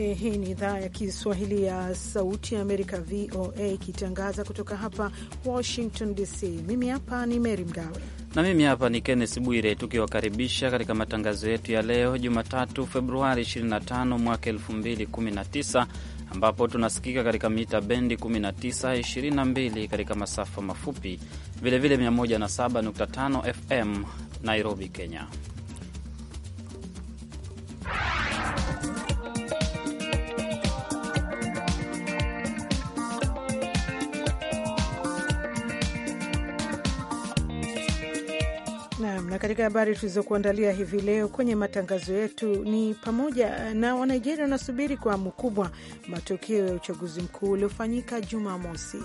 Eh, hii ni idhaa ya Kiswahili ya Sauti ya Amerika, VOA, ikitangaza kutoka hapa Washington DC. Mimi hapa ni Mary Mgawe na mimi hapa ni Kennes Bwire, tukiwakaribisha katika matangazo yetu ya leo Jumatatu, Februari 25 mwaka 2019 ambapo tunasikika katika mita bendi 19, 22 katika masafa mafupi, vilevile 107.5 FM Nairobi, Kenya. Na katika habari tulizokuandalia hivi leo kwenye matangazo yetu ni pamoja na Wanigeria wanasubiri kwa hamu kubwa matokeo ya uchaguzi mkuu uliofanyika Jumamosi.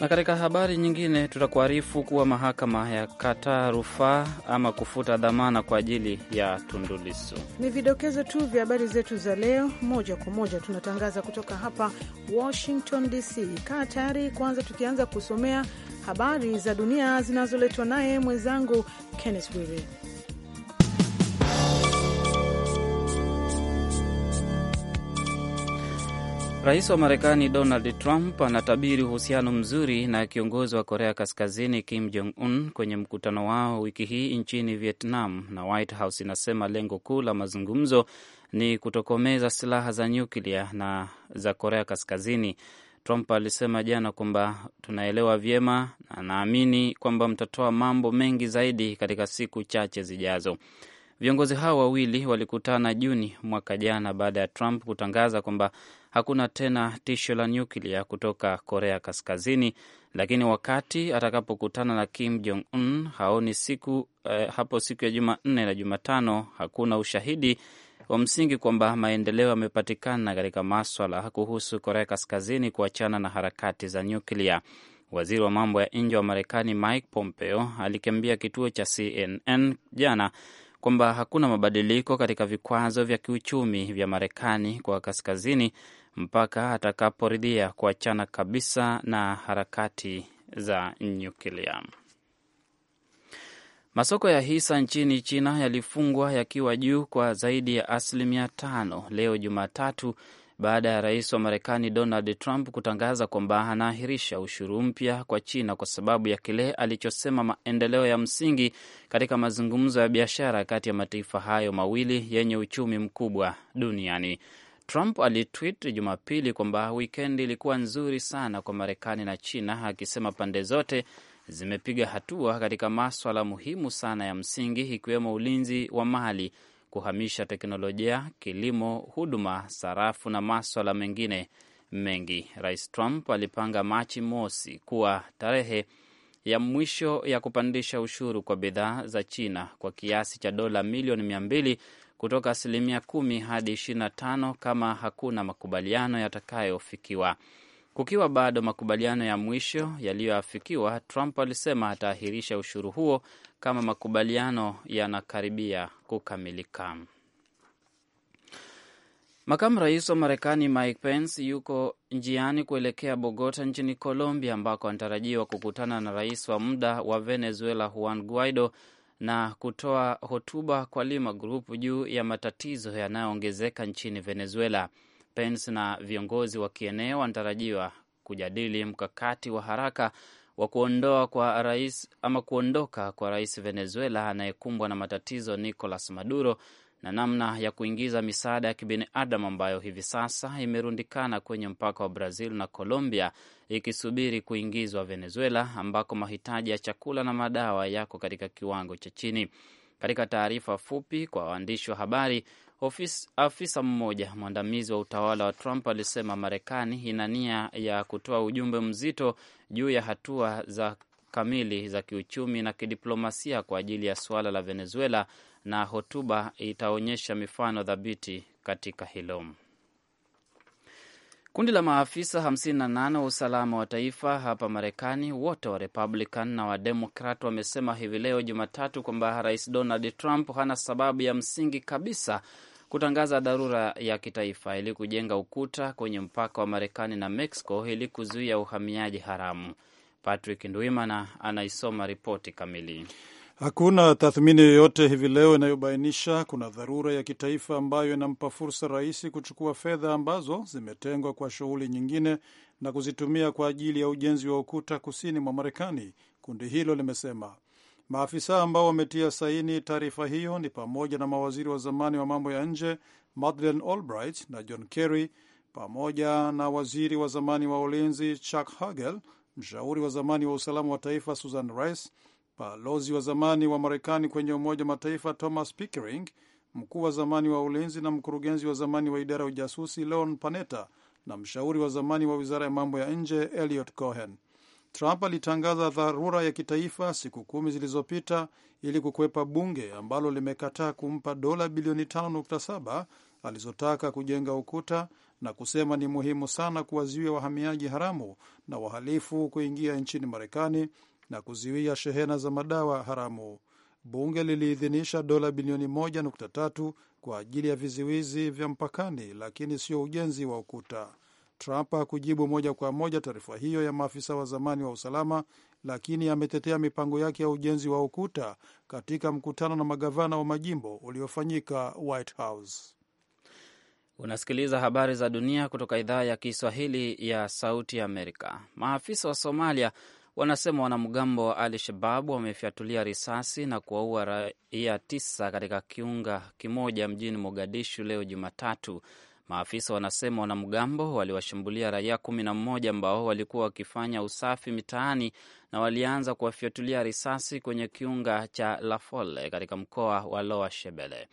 Na katika habari nyingine tutakuarifu kuwa mahakama ya kataa rufaa ama kufuta dhamana kwa ajili ya Tundulisu. Ni vidokezo tu vya habari zetu za leo. Moja kwa moja tunatangaza kutoka hapa Washington DC. Kaa tayari kwanza, tukianza kusomea habari za dunia zinazoletwa naye mwenzangu Kenneth Bwire. Rais wa Marekani Donald Trump anatabiri uhusiano mzuri na kiongozi wa Korea Kaskazini Kim Jong Un kwenye mkutano wao wiki hii nchini Vietnam, na White House inasema lengo kuu la mazungumzo ni kutokomeza silaha za nyuklia na za Korea Kaskazini. Trump alisema jana kwamba tunaelewa vyema na naamini kwamba mtatoa mambo mengi zaidi katika siku chache zijazo. Viongozi hao wawili walikutana Juni mwaka jana baada ya Trump kutangaza kwamba hakuna tena tisho la nyuklia kutoka Korea Kaskazini, lakini wakati atakapokutana na Kim Jong Un haoni siku eh, hapo siku ya Jumanne na Jumatano hakuna ushahidi wa msingi kwamba maendeleo yamepatikana katika maswala kuhusu Korea Kaskazini kuachana na harakati za nyuklia. Waziri wa mambo ya nje wa Marekani Mike Pompeo alikiambia kituo cha CNN jana kwamba hakuna mabadiliko katika vikwazo vya kiuchumi vya Marekani kwa Kaskazini mpaka atakaporidhia kuachana kabisa na harakati za nyuklia. Masoko ya hisa nchini China yalifungwa yakiwa juu kwa zaidi ya asilimia tano leo Jumatatu baada ya rais wa Marekani Donald Trump kutangaza kwamba anaahirisha ushuru mpya kwa China kwa sababu ya kile alichosema maendeleo ya msingi katika mazungumzo ya biashara kati ya mataifa hayo mawili yenye uchumi mkubwa duniani. Trump alitwit Jumapili kwamba wikendi ilikuwa nzuri sana kwa Marekani na China, akisema pande zote zimepiga hatua katika maswala muhimu sana ya msingi ikiwemo ulinzi wa mali, kuhamisha teknolojia, kilimo, huduma, sarafu na maswala mengine mengi. Rais Trump alipanga Machi mosi kuwa tarehe ya mwisho ya kupandisha ushuru kwa bidhaa za China kwa kiasi cha dola milioni mia mbili kutoka asilimia kumi hadi ishirini na tano kama hakuna makubaliano yatakayofikiwa. Kukiwa bado makubaliano ya mwisho yaliyoafikiwa, Trump alisema ataahirisha ushuru huo kama makubaliano yanakaribia kukamilika. Makamu rais wa Marekani Mike Pence yuko njiani kuelekea Bogota nchini Colombia, ambako anatarajiwa kukutana na rais wa muda wa Venezuela Juan Guaido na kutoa hotuba kwa Lima Grupu juu ya matatizo yanayoongezeka nchini Venezuela. Pence na viongozi wa kieneo wanatarajiwa kujadili mkakati wa haraka wa kuondoa kwa rais ama kuondoka kwa rais Venezuela anayekumbwa na matatizo Nicolas Maduro na namna ya kuingiza misaada ya kibinadamu ambayo hivi sasa imerundikana kwenye mpaka wa Brazil na Colombia ikisubiri kuingizwa Venezuela, ambako mahitaji ya chakula na madawa yako katika kiwango cha chini. Katika taarifa fupi kwa waandishi wa habari, afisa mmoja mwandamizi wa utawala wa Trump alisema Marekani ina nia ya kutoa ujumbe mzito juu ya hatua za kamili za kiuchumi na kidiplomasia kwa ajili ya suala la Venezuela na hotuba itaonyesha mifano thabiti katika hilo. Kundi la maafisa 58 wa usalama wa taifa hapa Marekani, wote wa Republican na Wademokrat, wamesema hivi leo Jumatatu kwamba Rais Donald Trump hana sababu ya msingi kabisa kutangaza dharura ya kitaifa ili kujenga ukuta kwenye mpaka wa Marekani na Mexico ili kuzuia uhamiaji haramu. Patrick Ndwimana anaisoma ripoti kamili. Hakuna tathmini yoyote hivi leo inayobainisha kuna dharura ya kitaifa ambayo inampa fursa rais kuchukua fedha ambazo zimetengwa kwa shughuli nyingine na kuzitumia kwa ajili ya ujenzi wa ukuta kusini mwa Marekani, kundi hilo limesema. Maafisa ambao wametia saini taarifa hiyo ni pamoja na mawaziri wa zamani wa mambo ya nje Madeleine Albright na John Kerry pamoja na waziri wa zamani wa ulinzi Chuck Hagel, mshauri wa zamani wa usalama wa taifa Susan Rice, balozi wa zamani wa Marekani kwenye Umoja wa Mataifa Thomas Pickering, mkuu wa zamani wa ulinzi na mkurugenzi wa zamani wa idara ya ujasusi Leon Panetta na mshauri wa zamani wa wizara ya mambo ya nje Elliot Cohen. Trump alitangaza dharura ya kitaifa siku kumi zilizopita ili kukwepa bunge ambalo limekataa kumpa dola bilioni 5.7 alizotaka kujenga ukuta na kusema ni muhimu sana kuwazuia wahamiaji haramu na wahalifu kuingia nchini Marekani na kuzuia shehena za madawa haramu. Bunge liliidhinisha dola bilioni 1.3 kwa ajili ya vizuizi vya mpakani, lakini sio ujenzi wa ukuta. Trump hakujibu moja kwa moja taarifa hiyo ya maafisa wa zamani wa usalama, lakini ametetea mipango yake ya ujenzi wa ukuta katika mkutano na magavana wa majimbo uliofanyika White House. Unasikiliza habari za dunia kutoka idhaa ya Kiswahili ya Sauti ya Amerika. Maafisa wa Somalia wanasema wanamgambo wa Al Shabab wamefyatulia risasi na kuwaua raia tisa katika kiunga kimoja mjini Mogadishu leo Jumatatu, Maafisa wanasema wanamgambo waliwashambulia raia kumi na mmoja ambao walikuwa wakifanya usafi mitaani na walianza kuwafyatulia risasi kwenye kiunga cha Lafole katika mkoa wa Loa Shebele.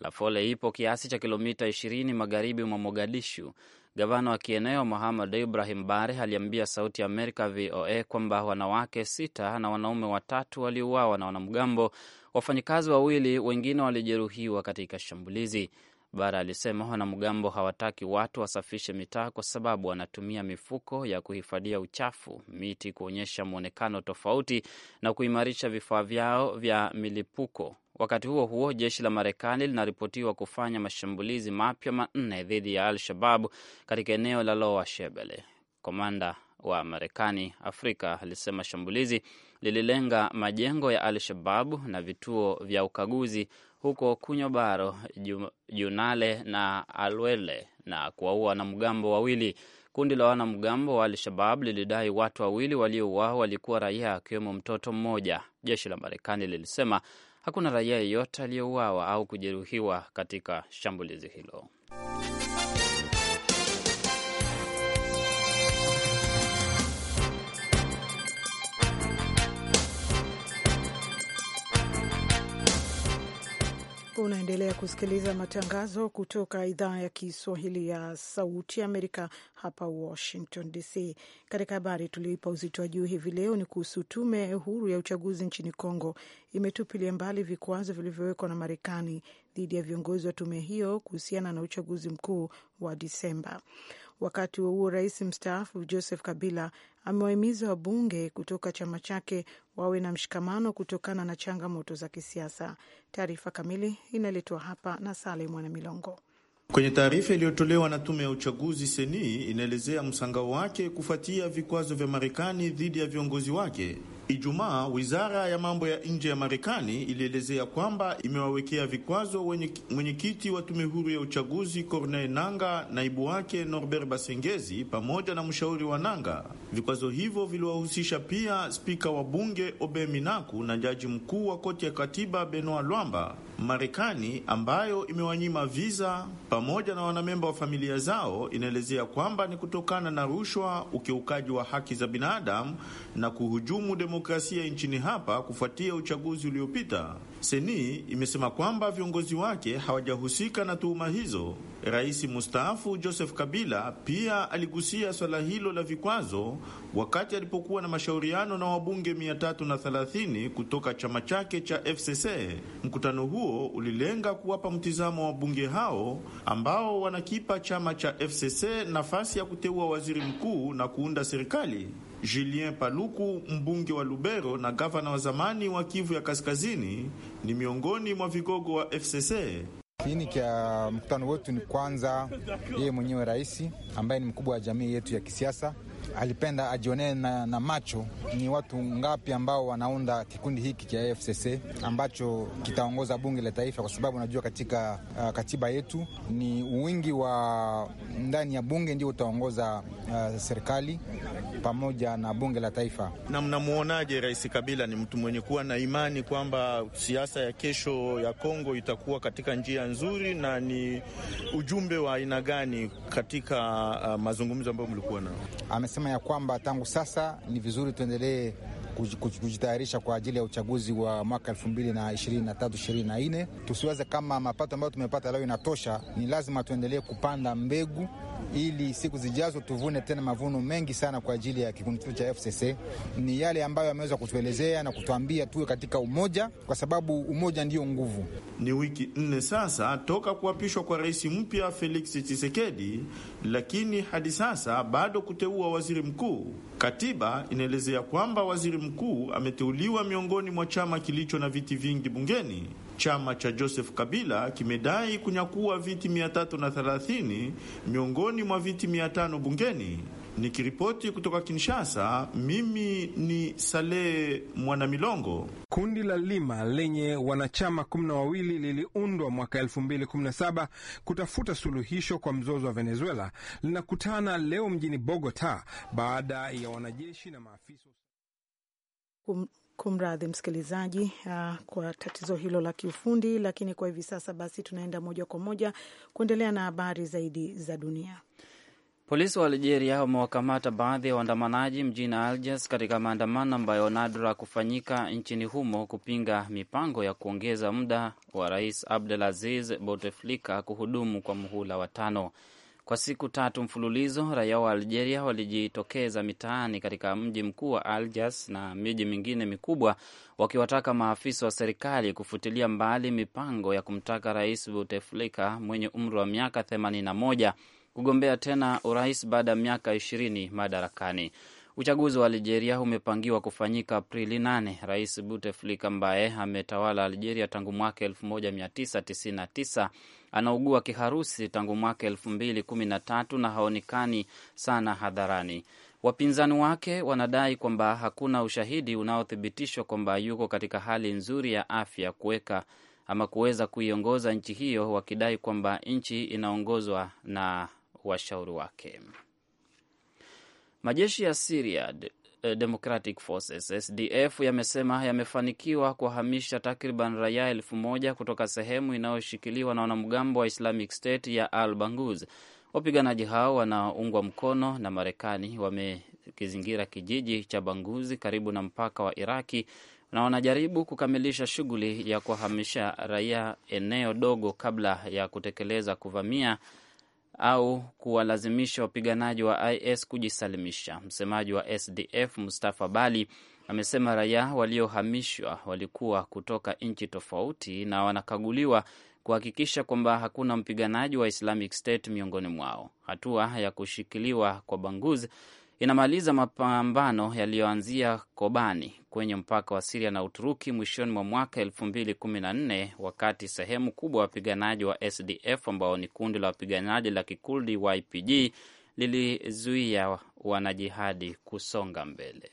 Lafole ipo kiasi cha kilomita 20 magharibi mwa Mogadishu. Gavana wa kieneo Muhamad Ibrahim Bare aliambia Sauti ya Amerika VOA kwamba wanawake sita na wanaume watatu waliuawa na wanamgambo, wafanyakazi wawili wengine walijeruhiwa katika shambulizi. Bara alisema wanamgambo hawataki watu wasafishe mitaa kwa sababu wanatumia mifuko ya kuhifadhia uchafu, miti kuonyesha mwonekano tofauti na kuimarisha vifaa vyao vya milipuko. Wakati huo huo, jeshi la Marekani linaripotiwa kufanya mashambulizi mapya manne dhidi ya Al-Shabab katika eneo la Lower Shebele. Komanda wa Marekani Afrika alisema shambulizi lililenga majengo ya Al-Shababu na vituo vya ukaguzi huko Kunyobaro, Junale na Alwele na kuwaua wanamgambo wawili. Kundi la wanamgambo wa Al-Shabab lilidai watu wawili waliouawa walikuwa raia, akiwemo mtoto mmoja. Jeshi la Marekani lilisema hakuna raia yeyote aliyeuawa au kujeruhiwa katika shambulizi hilo. Unaendelea kusikiliza matangazo kutoka idhaa ya Kiswahili ya Sauti Amerika hapa Washington DC. Katika habari tulioipa uzito wa juu hivi leo ni kuhusu tume huru ya uchaguzi nchini congo imetupilia mbali vikwazo vilivyowekwa na Marekani dhidi ya viongozi wa tume hiyo kuhusiana na uchaguzi mkuu wa Disemba. Wakati huo huo, rais mstaafu Joseph Kabila amewahimiza wabunge kutoka chama chake wawe na mshikamano kutokana na changamoto za kisiasa. Taarifa kamili inaletwa hapa na Sale Mwana Milongo. Kwenye taarifa iliyotolewa na tume ya uchaguzi seni inaelezea msangao wake kufuatia vikwazo vya Marekani dhidi ya viongozi wake Ijumaa, wizara ya mambo ya nje ya Marekani ilielezea kwamba imewawekea vikwazo mwenyekiti wa tume huru ya uchaguzi Corneille Nanga, naibu wake Norbert Basengezi pamoja na mshauri wa Nanga. Vikwazo hivyo viliwahusisha pia spika wa bunge Obe Minaku na jaji mkuu wa koti ya katiba Benoit Lwamba. Marekani ambayo imewanyima viza pamoja na wanamemba wa familia zao inaelezea kwamba ni kutokana na rushwa, ukiukaji wa haki za binadamu na kuhujumu demokrasia nchini hapa kufuatia uchaguzi uliopita. Seni imesema kwamba viongozi wake hawajahusika na tuhuma hizo. Rais mustaafu Joseph Kabila pia aligusia swala hilo la vikwazo wakati alipokuwa na mashauriano na wabunge 330 kutoka chama chake cha FCC. Mkutano huo ulilenga kuwapa mtizamo wa wabunge hao ambao wanakipa chama cha FCC nafasi ya kuteua waziri mkuu na kuunda serikali. Julien Paluku, mbunge wa Lubero na gavana wa zamani wa Kivu ya Kaskazini, ni miongoni mwa vigogo wa FCC. Kiini cha mkutano wetu ni kwanza yeye mwenyewe rais ambaye ni mkubwa wa jamii yetu ya kisiasa alipenda ajionee na, na macho ni watu ngapi ambao wanaunda kikundi hiki cha FCC ambacho kitaongoza bunge la taifa, kwa sababu unajua katika uh, katiba yetu ni wingi wa ndani ya bunge ndio utaongoza uh, serikali pamoja na bunge la taifa. Na mnamwonaje Rais Kabila? Ni mtu mwenye kuwa na imani kwamba siasa ya kesho ya Kongo itakuwa katika njia nzuri, na ni ujumbe wa aina gani katika uh, mazungumzo ambayo mlikuwa nao? anasema ya kwamba tangu sasa ni vizuri tuendelee kujitayarisha kwa ajili ya uchaguzi wa mwaka elfu na na na nne. Tusiwaze kama mapato ambayo tumepata leo inatosha, ni lazima tuendelee kupanda mbegu ili siku zijazo tuvune tena mavuno mengi sana kwa ajili ya kikundi chetu cha FCC. Ni yale ambayo ameweza kutuelezea na kutuambia tuwe katika umoja, kwa sababu umoja ndiyo nguvu. Ni wiki nne sasa toka kuapishwa kwa rais mpya Felix Tshisekedi, lakini hadi sasa bado kuteua waziri mkuu. Katiba inaelezea kwamba waziri mkuu ameteuliwa miongoni mwa chama kilicho na viti vingi bungeni. Chama cha Joseph Kabila kimedai kunyakua viti 330 miongoni mwa viti 500 bungeni. Nikiripoti kutoka Kinshasa, mimi ni Saleh Mwanamilongo. Kundi la Lima lenye wanachama kumi na wawili liliundwa mwaka 2017 kutafuta suluhisho kwa mzozo wa Venezuela linakutana leo mjini Bogota baada ya wanajeshi na maafisa Kumradhi msikilizaji, uh, kwa tatizo hilo la kiufundi, lakini kwa hivi sasa basi tunaenda moja kwa moja kuendelea na habari zaidi za dunia. Polisi wa Algeria wamewakamata baadhi ya waandamanaji mjini Algiers katika maandamano ambayo nadra kufanyika nchini humo kupinga mipango ya kuongeza muda wa rais Abdelaziz Bouteflika kuhudumu kwa muhula wa tano. Kwa siku tatu mfululizo, raia wa Algeria walijitokeza mitaani katika mji mkuu wa Algiers na miji mingine mikubwa, wakiwataka maafisa wa serikali kufutilia mbali mipango ya kumtaka Rais Bouteflika mwenye umri wa miaka 81 kugombea tena urais baada ya miaka 20 madarakani. Uchaguzi wa Algeria umepangiwa kufanyika Aprili 8. Rais Bouteflika ambaye ametawala Algeria tangu mwaka 1999 anaugua kiharusi tangu mwaka elfu mbili kumi na tatu na haonekani sana hadharani. Wapinzani wake wanadai kwamba hakuna ushahidi unaothibitishwa kwamba yuko katika hali nzuri ya afya kuweka ama kuweza kuiongoza nchi hiyo, wakidai kwamba nchi inaongozwa na washauri wake. Majeshi ya Siria Eh, Democratic Forces SDF yamesema yamefanikiwa kuwahamisha takriban raia elfu moja kutoka sehemu inayoshikiliwa na wanamgambo wa Islamic State ya Al Banguz. Wapiganaji hao wanaungwa mkono na Marekani wamekizingira kijiji cha Banguzi karibu na mpaka wa Iraki na wanajaribu kukamilisha shughuli ya kuwahamisha raia eneo dogo kabla ya kutekeleza kuvamia au kuwalazimisha wapiganaji wa IS kujisalimisha. Msemaji wa SDF Mustafa Bali amesema raia waliohamishwa walikuwa kutoka nchi tofauti na wanakaguliwa kuhakikisha kwamba hakuna mpiganaji wa Islamic State miongoni mwao. Hatua ya kushikiliwa kwa Banguz inamaliza mapambano yaliyoanzia Kobani kwenye mpaka wa Siria na Uturuki mwishoni mwa mwaka elfu mbili kumi na nne wakati sehemu kubwa ya wapiganaji wa SDF ambao ni kundi la wapiganaji la kikurdi YPG lilizuia wanajihadi kusonga mbele.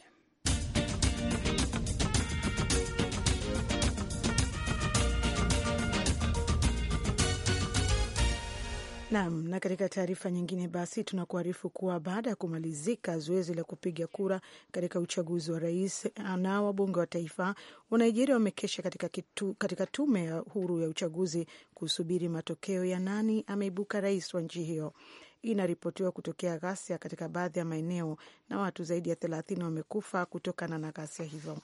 Nam. Na katika taarifa nyingine, basi tunakuarifu kuwa baada ya kumalizika zoezi la kupiga kura katika uchaguzi wa rais na wabunge wa taifa, Wanigeria wamekesha katika, katika tume ya huru ya uchaguzi kusubiri matokeo ya nani ameibuka rais wa nchi hiyo inaripotiwa kutokea ghasia katika baadhi ya maeneo na watu zaidi ya thelathini wamekufa kutokana na ghasia hizo.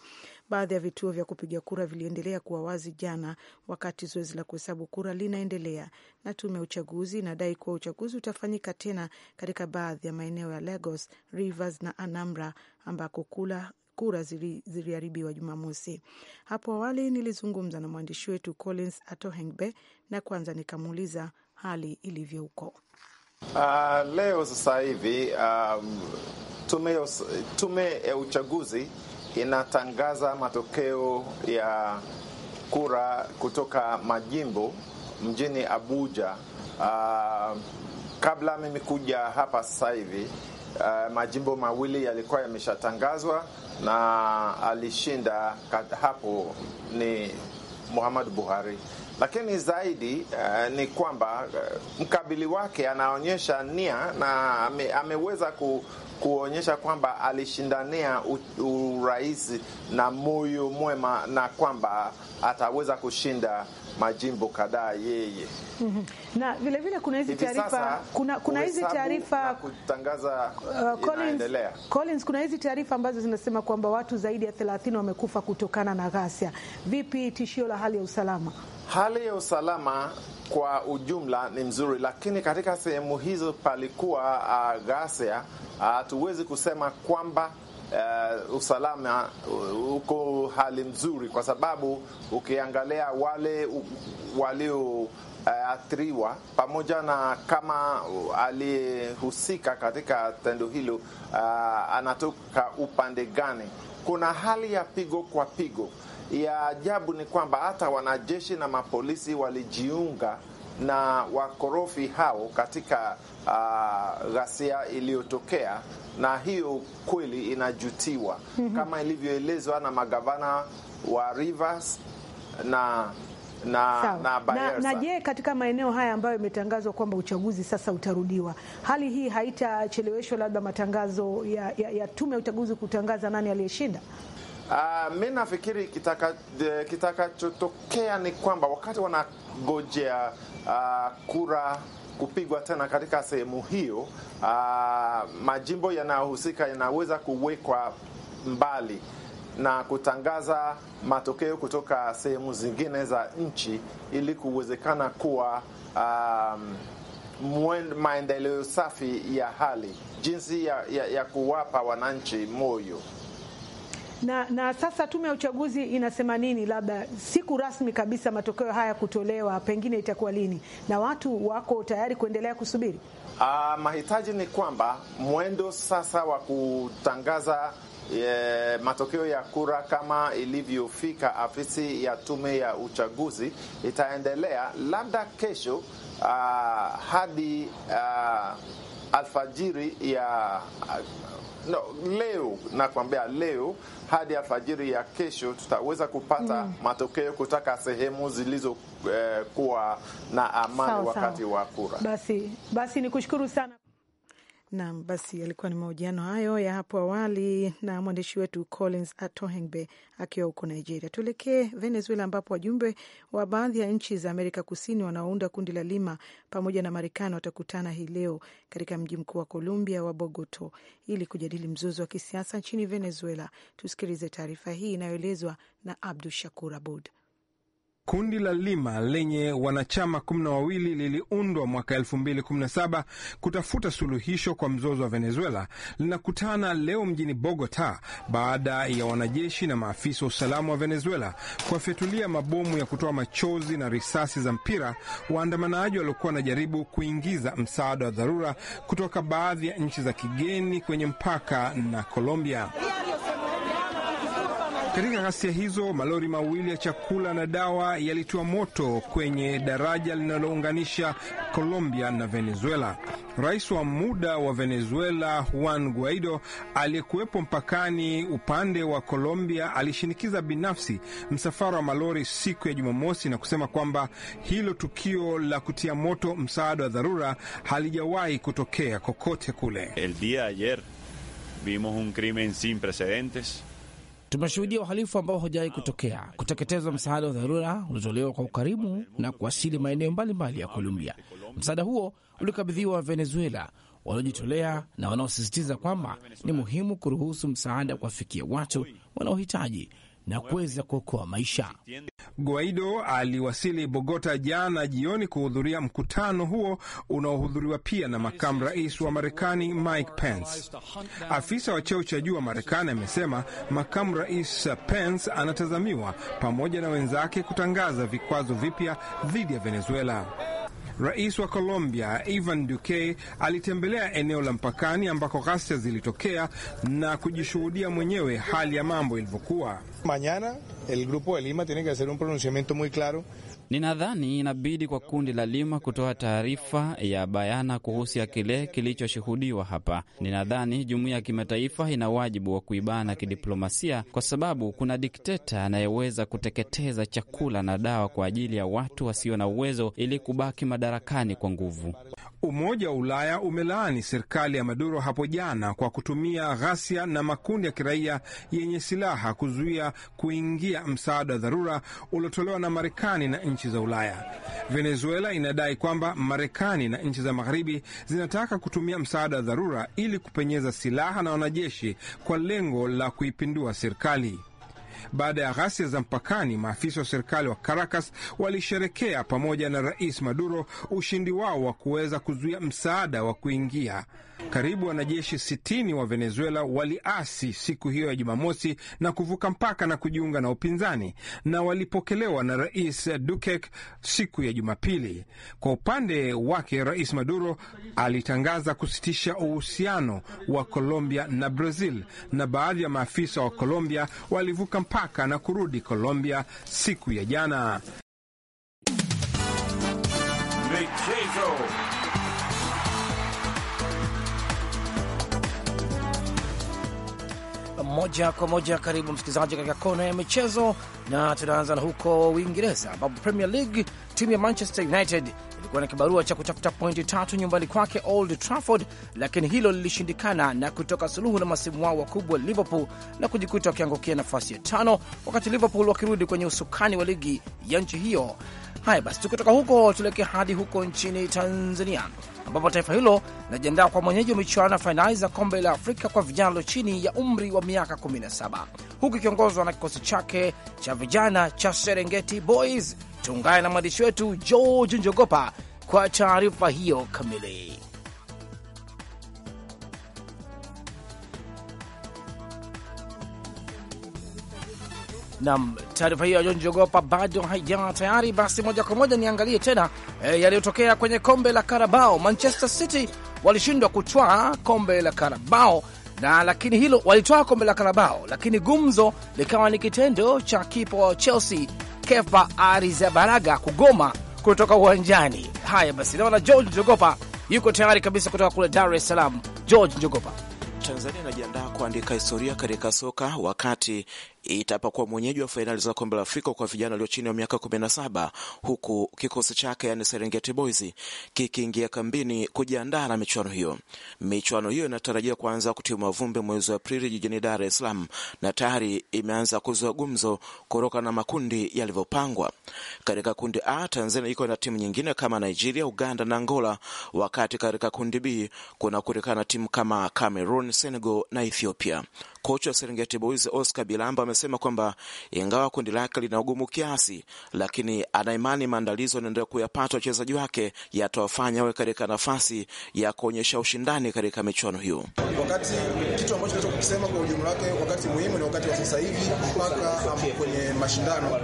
Baadhi ya vituo vya kupiga kura viliendelea kuwa wazi jana, wakati zoezi la kuhesabu kura linaendelea, na tume ya uchaguzi inadai kuwa uchaguzi utafanyika tena katika baadhi ya maeneo ya Lagos, Rivers na Anambra ambako kula kura ziliharibiwa Jumamosi. Hapo awali nilizungumza na mwandishi wetu Collins Atohengbe, na kwanza nikamuuliza hali ilivyo huko. Uh, leo sasa hivi um, tume, tume ya uchaguzi inatangaza matokeo ya kura kutoka majimbo mjini Abuja. Uh, kabla mimi kuja hapa sasa hivi uh, majimbo mawili yalikuwa yameshatangazwa na alishinda hapo ni Muhammad Buhari lakini zaidi uh, ni kwamba uh, mkabili wake anaonyesha nia na ame, ameweza ku, kuonyesha kwamba alishindania urais na moyo mwema na kwamba ataweza kushinda majimbo kadhaa yeye. Mm -hmm. Na vile vile kuna hizi taarifa kuna kuna hizi taarifa kutangaza uh, Collins, Collins, kuna hizi taarifa ambazo zinasema kwamba watu zaidi ya 30 wamekufa kutokana na ghasia. Vipi tishio la hali ya usalama? Hali ya usalama kwa ujumla ni mzuri, lakini katika sehemu hizo palikuwa uh, ghasia. Ah, hatuwezi uh, kusema kwamba eh, Uh, usalama uko hali nzuri, kwa sababu ukiangalia wale walioathiriwa eh, uh, pamoja na kama aliyehusika katika tendo hilo uh, anatoka upande gani, kuna hali ya pigo kwa pigo ya ajabu ni kwamba hata wanajeshi na mapolisi walijiunga na wakorofi hao katika uh, ghasia iliyotokea, na hiyo kweli inajutiwa mhm. kama ilivyoelezwa na magavana wa Rivers na na, na, na, na je, katika maeneo haya ambayo imetangazwa kwamba uchaguzi sasa utarudiwa, hali hii haitacheleweshwa labda matangazo ya, ya, ya tume ya uchaguzi kutangaza nani aliyeshinda? Uh, ah, mi nafikiri kitakachotokea kitaka ni kwamba wakati wanagojea uh, ah, kura kupigwa tena katika sehemu hiyo, uh, majimbo yanayohusika yanaweza kuwekwa mbali na kutangaza matokeo kutoka sehemu zingine za nchi ili kuwezekana kuwa um, maendeleo safi ya hali jinsi ya, ya, ya kuwapa wananchi moyo na, na sasa tume ya uchaguzi inasema nini? Labda siku rasmi kabisa matokeo haya kutolewa pengine itakuwa lini, na watu wako tayari kuendelea kusubiri? Ah, mahitaji ni kwamba mwendo sasa wa kutangaza E, matokeo ya kura kama ilivyofika afisi ya tume ya uchaguzi itaendelea labda kesho a, ah, hadi a, ah, alfajiri ya no, leo nakwambia, leo hadi alfajiri ya kesho tutaweza kupata mm. matokeo kutoka sehemu zilizokuwa eh, na amani sao, wakati wa kura. Basi, basi nikushukuru sana. Nam, basi yalikuwa ni mahojiano hayo ya hapo awali na mwandishi wetu Collins Atohengbe akiwa huko Nigeria. Tuelekee Venezuela, ambapo wajumbe wa baadhi ya nchi za Amerika Kusini wanaounda kundi la Lima pamoja na Marekani watakutana hii leo katika mji mkuu wa Colombia wa Bogoto ili kujadili mzozo wa kisiasa nchini Venezuela. Tusikilize taarifa hii inayoelezwa na Abdu Shakur Abud. Kundi la Lima lenye wanachama kumi na wawili liliundwa mwaka 2017 kutafuta suluhisho kwa mzozo wa Venezuela linakutana leo mjini Bogota baada ya wanajeshi na maafisa wa usalama wa Venezuela kuwafyatulia mabomu ya kutoa machozi na risasi za mpira waandamanaji waliokuwa wanajaribu kuingiza msaada wa dharura kutoka baadhi ya nchi za kigeni kwenye mpaka na Colombia. Katika ghasia hizo malori mawili ya chakula na dawa yalitiwa moto kwenye daraja linalounganisha Colombia na Venezuela. Rais wa muda wa Venezuela Juan Guaido aliyekuwepo mpakani upande wa Colombia alishinikiza binafsi msafara wa malori siku ya Jumamosi na kusema kwamba hilo tukio la kutia moto msaada wa dharura halijawahi kutokea kokote kule. El dia ayer vimos un crimen sin precedentes Tumeshuhudia uhalifu ambao hujawahi kutokea, kuteketezwa msaada wa dharura uliotolewa kwa ukarimu na kuwasili maeneo mbalimbali ya Kolumbia. Msaada huo ulikabidhiwa wa Venezuela wanaojitolea na wanaosisitiza kwamba ni muhimu kuruhusu msaada kuwafikia watu wanaohitaji na kuweza kuokoa maisha. Guaido aliwasili Bogota jana jioni kuhudhuria mkutano huo unaohudhuriwa pia na makamu rais wa Marekani Mike Pence. Afisa wa cheo cha juu wa Marekani amesema makamu rais Pence anatazamiwa pamoja na wenzake kutangaza vikwazo vipya dhidi ya Venezuela. Rais wa Colombia Ivan Duque alitembelea eneo la mpakani ambako ghasia zilitokea na kujishuhudia mwenyewe hali ya mambo ilivyokuwa. Mañana el grupo de Lima tiene que hacer un pronunciamiento muy claro Ninadhani inabidi kwa kundi la Lima kutoa taarifa ya bayana kuhusu ya kile kilichoshuhudiwa hapa. Ninadhani jumuiya ya kimataifa ina wajibu wa kuibana kidiplomasia, kwa sababu kuna dikteta anayeweza kuteketeza chakula na dawa kwa ajili ya watu wasio na uwezo ili kubaki madarakani kwa nguvu. Umoja wa Ulaya umelaani serikali ya Maduro hapo jana kwa kutumia ghasia na makundi ya kiraia yenye silaha kuzuia kuingia msaada wa dharura uliotolewa na Marekani na nchi za Ulaya. Venezuela inadai kwamba Marekani na nchi za Magharibi zinataka kutumia msaada wa dharura ili kupenyeza silaha na wanajeshi kwa lengo la kuipindua serikali. Baada ya ghasia za mpakani, maafisa wa serikali wa Caracas walisherekea pamoja na Rais Maduro ushindi wao wa kuweza kuzuia msaada wa kuingia. Karibu wanajeshi 60 wa Venezuela waliasi siku hiyo ya Jumamosi na kuvuka mpaka na kujiunga na upinzani na walipokelewa na Rais Dukek siku ya Jumapili. Kwa upande wake, Rais Maduro alitangaza kusitisha uhusiano wa Colombia na Brazil na baadhi ya maafisa wa Colombia walivuka mpaka na kurudi Colombia siku ya jana. Michezo. Moja kwa moja, karibu msikilizaji katika kona ya michezo, na tunaanza na huko Uingereza ambapo Premier League timu ya Manchester United alikuwa na kibarua cha kutafuta pointi tatu nyumbani kwake Old Trafford, lakini hilo lilishindikana na kutoka suluhu na masimu wao wakubwa Liverpool na kujikuta wakiangukia nafasi ya tano, wakati Liverpool wakirudi kwenye usukani wa ligi ya nchi hiyo. Haya basi, tukitoka huko tuelekea hadi huko nchini Tanzania, ambapo taifa hilo linajiandaa kwa mwenyeji wa michuano ya fainali za kombe la Afrika kwa vijana walio chini ya umri wa miaka 17 huku ikiongozwa na kikosi chake cha vijana cha Serengeti Boys Tuungane na mwandishi wetu George Njogopa kwa taarifa hiyo kamili. Nam, taarifa hiyo ya John Jogopa bado haijawa tayari. Basi moja kwa moja niangalie tena e, yaliyotokea kwenye kombe la Karabao. Manchester City walishindwa kutwaa kombe la Karabao na lakini hilo walitwaa kombe la Karabao, lakini gumzo likawa ni kitendo cha kipa wa Chelsea Kefa Arizabalaga kugoma kutoka uwanjani. Haya basi, naona George Njogopa yuko tayari kabisa kutoka kule Dar es Salaam. George Njogopa. Tanzania inajiandaa kuandika historia katika soka wakati itapakuwa mwenyeji wa fainali za kombe la Afrika kwa vijana walio chini ya miaka 17 huku kikosi chake yani Serengeti Boys kikiingia kambini kujiandaa na michuano hiyo. Michuano hiyo inatarajia kuanza kutimua vumbi mwezi wa Aprili jijini Dar es Salaam na tayari imeanza kuzua gumzo kutoka na makundi yalivyopangwa. Katika kundi A, Tanzania iko na timu nyingine kama Nigeria, Uganda na Angola, wakati katika kundi B kuna kurikana timu kama Cameroon, Senegal na Ethiopia. Kocha wa Serengeti Boys Oscar Bilamba amesema kwamba ingawa kundi lake lina ugumu kiasi, lakini anaimani maandalizo yanaendelea kuyapata wachezaji wake yatawafanya awe katika nafasi ya kuonyesha ushindani katika michuano hiyo. Wakati kitu ambacho naweza kukisema kwa ujumla wake, wakati muhimu ni wakati wa sasa hivi mpaka kwenye mashindano.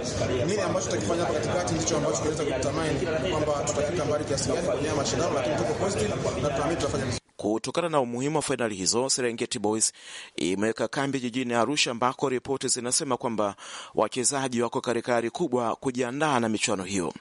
Nini ambacho tutakifanya hapa katikati ndicho ambacho tunaweza kutamani kwamba tutafika mbali kiasi gani kwenye mashindano, lakini tuko positive na tunaamini tutafanya Kutokana na umuhimu wa fainali hizo, Serengeti Boys imeweka kambi jijini Arusha, ambako ripoti zinasema kwamba wachezaji wako katika hali kubwa kujiandaa na michuano hiyo.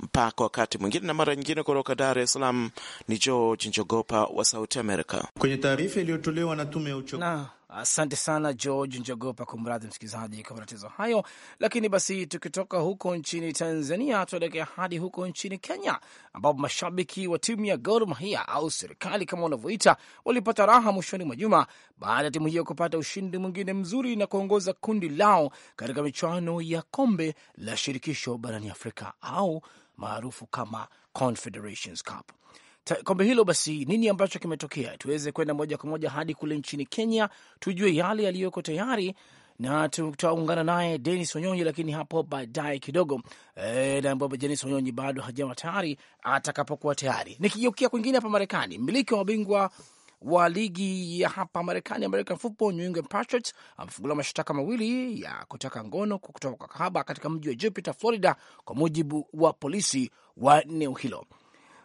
Mpaka wakati mwingine na mara nyingine, kutoka Dar es Salaam ni George Njogopa wa Sauti Amerika. Kwenye taarifa iliyotolewa na tume ya uchaguzi Asante sana George Njogopa, kumradhi msikilizaji kwa matatizo hayo. Lakini basi tukitoka huko nchini Tanzania, tuelekea hadi huko nchini Kenya, ambapo mashabiki wa timu ya Gor Mahia au serikali kama wanavyoita walipata raha mwishoni mwa juma baada ya timu hiyo kupata ushindi mwingine mzuri na kuongoza kundi lao katika michuano ya kombe la shirikisho barani Afrika au maarufu kama Confederations Cup kombe hilo. Basi nini ambacho kimetokea, tuweze kwenda moja kwa moja hadi kule nchini Kenya tujue yale yaliyoko tayari na tutaungana naye Denis Onyonyi, lakini hapo baadaye kidogo e, na ambapo Denis Onyonyi bado hajawa tayari. Atakapokuwa tayari, nikigeukia kwingine hapa Marekani, mmiliki wa mabingwa wa ligi ya hapa Marekani, American Football, New England Patriots amefunguliwa mashtaka mawili ya kutaka ngono kutoka kwa kahaba katika mji wa Jupiter, Florida, kwa mujibu wa polisi wa eneo hilo.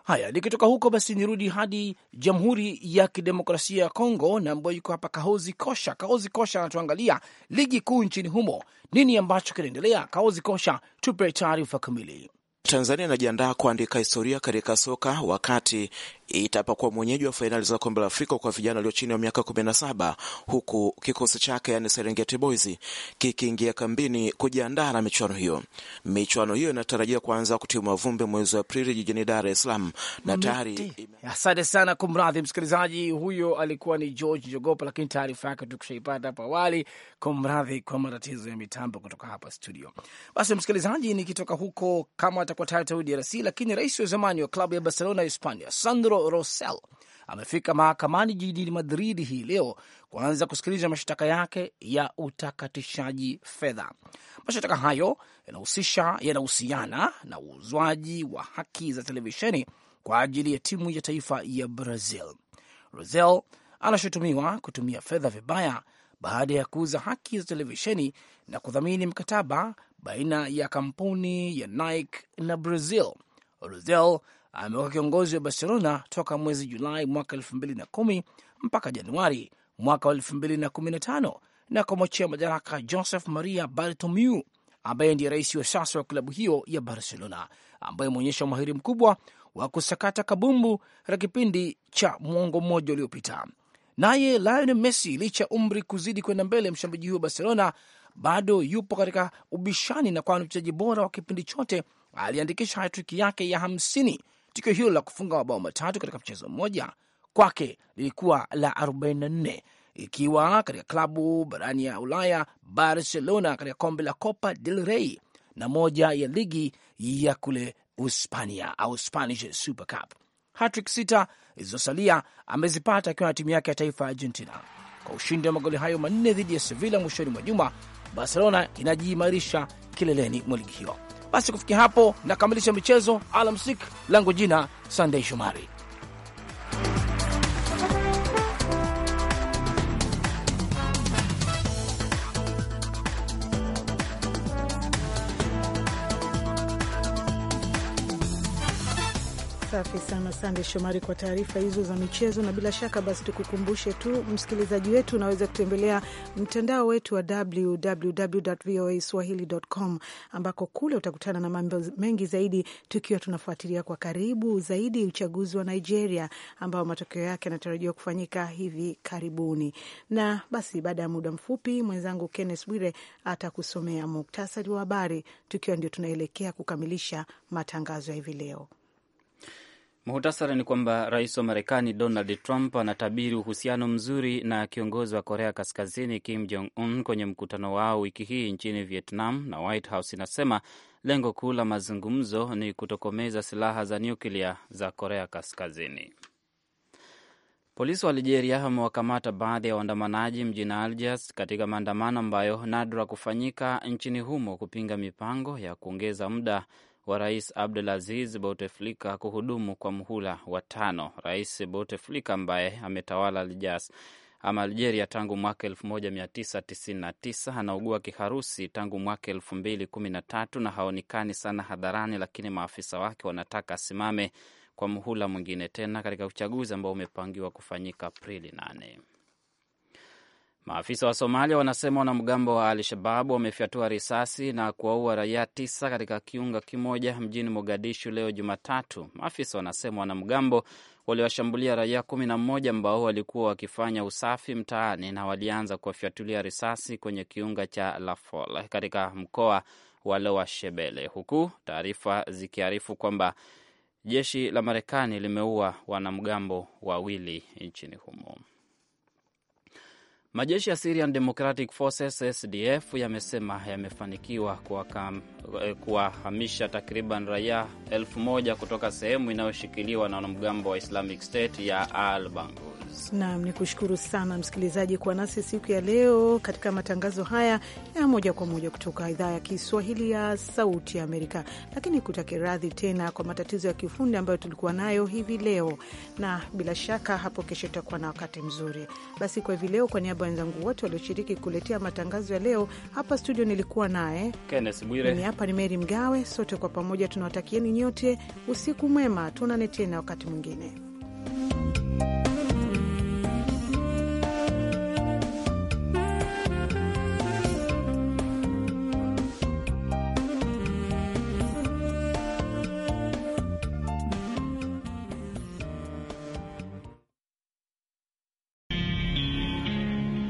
Haya, nikitoka huko basi nirudi hadi Jamhuri ya Kidemokrasia ya Kongo na ambayo yuko hapa Kahozi Kosha. kaozi Kosha anatuangalia ligi kuu nchini humo, nini ambacho kinaendelea? kaozi Kosha, tupe taarifa kamili. Tanzania inajiandaa kuandika historia katika soka wakati itapakuwa mwenyeji wa fainali za kombe la Afrika kwa vijana walio chini ya miaka 17 huku kikosi chake yani Serengeti Boys kikiingia kambini kujiandaa na michuano hiyo. Michuano hiyo inatarajia kuanza kutimwa vumbi mwezi wa Aprili jijini Dar es Salaam na tayari. Asante sana, kumradhi msikilizaji, huyo alikuwa ni George Jogopa, lakini taarifa yake tukushaipata hapo awali. Kumradhi kwa matatizo ya mitambo kutoka hapa studio. Basi msikilizaji, nikitoka huko kama atakuwa tayari tarudi DRC, lakini rais wa zamani wa klabu ya Barcelona Hispania Sandro Rosell amefika mahakamani jijini Madrid hii leo kuanza kusikiliza mashtaka yake ya utakatishaji fedha. Mashtaka hayo yanahusisha yanahusiana na uuzwaji wa haki za televisheni kwa ajili ya timu ya taifa ya Brazil. Rosell anashutumiwa kutumia fedha vibaya baada ya kuuza haki za televisheni na kudhamini mkataba baina ya kampuni ya Nike na Brazil. Rosell amekuwa kiongozi wa Barcelona toka mwezi Julai mwaka elfu mbili na kumi mpaka Januari mwaka wa elfu mbili na kumi na tano na kumwachia madaraka Joseph Maria Bartomeu ambaye ndiye rais wa sasa wa klabu hiyo ya Barcelona, ambaye ameonyesha umahiri mkubwa wa kusakata kabumbu katika kipindi cha mwongo mmoja uliopita. Naye Lionel Messi, licha umri kuzidi kwenda mbele, mshambuliaji huyo wa Barcelona bado yupo katika ubishani na kwa mchezaji bora wa kipindi chote aliandikisha hatriki yake ya hamsini Tukio hilo la kufunga mabao matatu katika mchezo mmoja kwake lilikuwa la 44 ikiwa katika klabu barani ya Ulaya Barcelona katika kombe la Copa del Rey na moja ya ligi ya kule Uspania au Spanish Super Cup. Hatrik sita zilizosalia amezipata akiwa na timu yake ya taifa ya Argentina. Kwa ushindi wa magoli hayo manne dhidi ya Sevilla mwishoni mwa juma, Barcelona inajiimarisha kileleni mwa ligi hiyo. Basi kufikia hapo nakamilisha michezo. Alamsik langu jina Sandei Shomari. Asante sana, Sande Shomari, kwa taarifa hizo za michezo. Na bila shaka basi, tukukumbushe tu msikilizaji wetu, unaweza kutembelea mtandao wetu wa swahilicom ambako kule utakutana na mambo mengi zaidi, tukiwa tunafuatilia kwa karibu zaidi uchaguzi wa Nigeria ambao matokeo yake yanatarajiwa kufanyika hivi karibuni. Na basi, baada ya muda mfupi, mwenzangu Kenneth Bwire atakusomea muktasari wa habari, tukiwa ndio tunaelekea kukamilisha matangazo ya hivi leo. Muhutasari ni kwamba rais wa Marekani Donald Trump anatabiri uhusiano mzuri na kiongozi wa Korea Kaskazini Kim Jong Un kwenye mkutano wao wiki hii nchini Vietnam, na White House inasema lengo kuu la mazungumzo ni kutokomeza silaha za nyuklia za Korea Kaskazini. Polisi wa Algeria wamewakamata baadhi ya waandamanaji mjini Algiers katika maandamano ambayo nadra kufanyika nchini humo kupinga mipango ya kuongeza muda wa Rais Abdul Aziz Bouteflika kuhudumu kwa mhula wa tano. Rais Bouteflika ambaye ametawala Algiers ama Algeria tangu mwaka 1999 anaugua kiharusi tangu mwaka 2013 na haonekani sana hadharani, lakini maafisa wake wanataka asimame kwa mhula mwingine tena katika uchaguzi ambao umepangiwa kufanyika Aprili 8. Maafisa wa Somalia wanasema wanamgambo wa Al Shababu wamefyatua risasi na kuwaua raia tisa katika kiunga kimoja mjini Mogadishu leo Jumatatu. Maafisa wanasema wanamgambo waliwashambulia raia kumi na mmoja ambao walikuwa wakifanya usafi mtaani na walianza kuwafyatulia risasi kwenye kiunga cha Lafol katika mkoa wa Lowa Shebele, huku taarifa zikiarifu kwamba jeshi la Marekani limeua wanamgambo wawili nchini humo. Majeshi ya Syrian Democratic Forces SDF yamesema yamefanikiwa eh, kuwahamisha takriban raia elfu moja kutoka sehemu inayoshikiliwa na wanamgambo wa Islamic State ya Al Bangus. Naam, ni kushukuru sana msikilizaji kuwa nasi siku ya leo katika matangazo haya ya moja kwa moja kutoka idhaa ya Kiswahili ya Sauti ya Amerika, lakini kutake radhi tena kwa matatizo ya kiufundi ambayo tulikuwa nayo hivi leo, na bila shaka hapo kesho tutakuwa na wakati mzuri. Basi kwa hivi leo kwa niaba niaba wenzangu wote walioshiriki kuletea matangazo ya leo hapa studio, nilikuwa naye Kenneth Bwire, mimi hapa ni Meri Mgawe. Sote kwa pamoja tunawatakieni nyote usiku mwema, tuonane tena wakati mwingine.